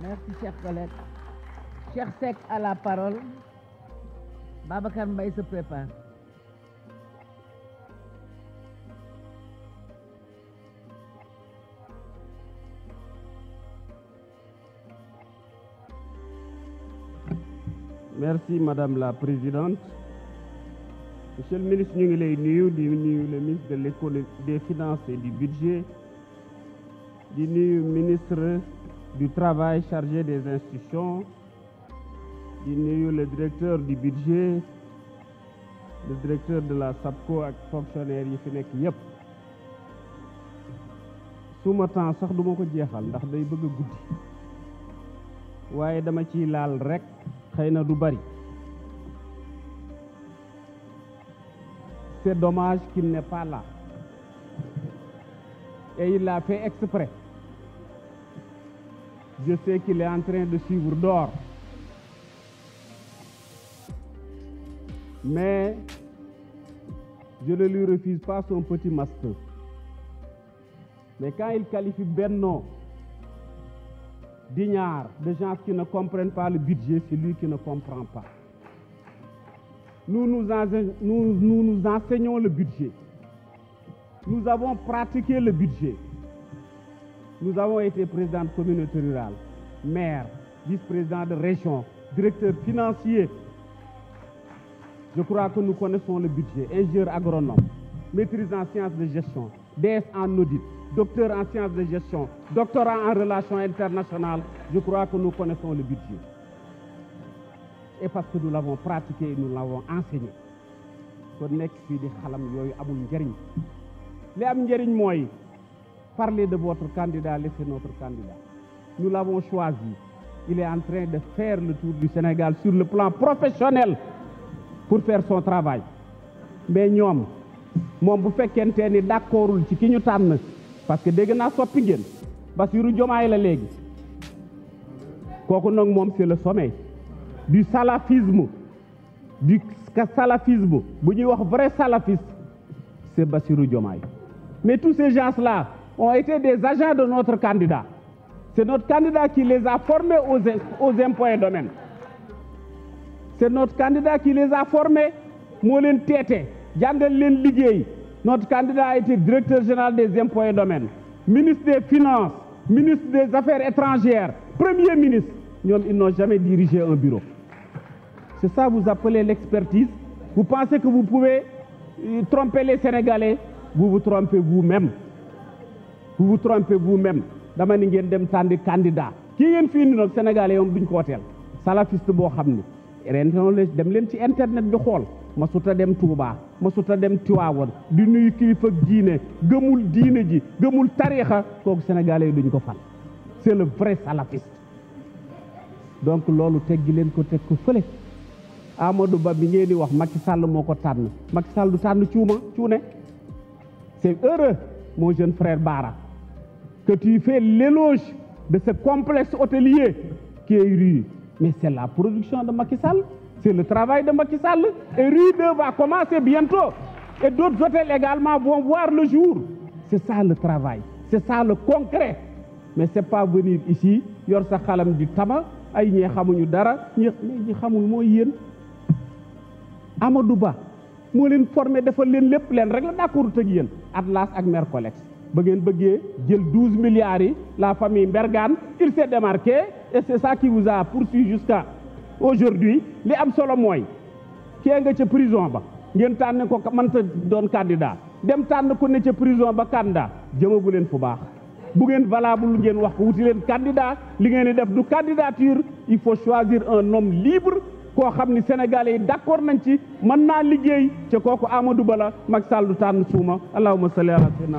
merci chers à la parole Babacar Mbaye merci madame la présidente monsieur le ministre ñu ngi lay nuyu di nuyu le ministre de l'économie du budget di nuyu ministre di travail chargé des institutions, di nuyu le directeur du budget le directeur de la SAPCO ak fonctionnaire yi fi nekk yépp suma temps sax duma ko jeexal ndax day bëgg guddi waaye dama ciy laal rek xëy na du bari c'est dommage qu'il n'est pas là et il l'a Je sais qu'il est de suivre d'or. Mais je ne lui refuse pas son petit master. Mais quand il qualifie Benno d'ignard, de gens qui ne comprennent pas le budget, c'est lui qui ne comprend pas. Nous nous, enseignons, nous nous, nous enseignons le budget. Nous avons été président de communauté rurale, maire, président de région, directeur financier. Je crois que nous connaissons le budget, ingénieur agronome, maîtrise en sciences de gestion, DS en audit, docteur en sciences de gestion, doctorat en relations internationales. Je crois que nous connaissons le budget. Et parce que nous l'avons pratiqué, nous l'avons enseigné. kon nekk fii di xalam yooyu amul njëriñ li am njëriñ mooy parlé de votre candidat, laissez notre candidat. Nous l'avons choisi. Il est en train de faire le tour du Sénégal sur le plan professionnel pour faire son travail. mais ñoom moom bu fekkente ni d'accordul ci ki ñu tànn parce que dégg naa soppi ngeen Bassirou jomaay la léegi kooku nag moom c'est le sommet du salafisme du salafisme bu ñuy wax vrai salafiste c'est Bassirou Diomaye mais tous ces gens ont été des agents de notre candidat. C'est notre candidat qui les a formés aux, aux impôts et domaines. C'est notre candidat qui les moo leen Moulin Tété, leen liggéey Notre candidat a été directeur général des impôts et domaines, ministre des Finances, ministre des Affaires étrangères, premier ministre. Ils n'ont jamais dirigé un bureau. C'est ça vous appelez l'expertise. Vous pensez que vous pouvez euh, tromper les Sénégalais, vous vous trompez vous-même. vous vous trompez vous-même dama ni ngeen dem tànn candidat kii ngeen fii indi nag sénégalais yoon duñ ko wooteel salafiste boo xam ni ren dem leen ci internet bi xool ma suta dem Touba ma suta dem Tiwaawoon di nuyu kilifa diine gëmul diine ji gëmul tariixa kooku sénégalais yi duñ ko fal c'est le vrai salafiste donc loolu teggi leen ko teg ko fële Amadou Ba bi ngeen di wax Macky Sall moo ko tànn Macky Sall du tànn cuuma cuune c'est heureux mon jeune frère Bara que tu fais l'éloge de ce complexe hôtelier qui est rue. Mais c'est la production de Macky Sall, c'est le travail de Macky Sall. Et rue 2 va commencer bientôt. Et d'autres hôtels également vont voir le jour. C'est le travail, c'est le concret. Mais c'est pas venir yor sa xalam di tama, ay ñi xamuñu dara, ñi ñi xamul mooy yéen. Amadou Ba moo leen forme defal leen lépp leen rek la d'accord ak yéen Atlas ak Mercolex. ba ngeen bëggee jël douze milliards yi la famille Mbergane il s'est démarqué et c'est ça qui vous a poursuivi jusqu'à li am solo mooy kee nga ca prison ba ngeen tànn ko mënta doon candidat dem tànn ko ne ca prison ba candidat jëmagu leen fu baax bu ngeen valable ngeen wax ko wuti leen candidat li ngeen di def du candidature il faut choisir un homme libre koo xam ni sénégalais yi d'accord nañ ci mën naa liggéey ca kooku Amadou Ba la Macky Sall du tànn suuma allahumma salli ala sayyidina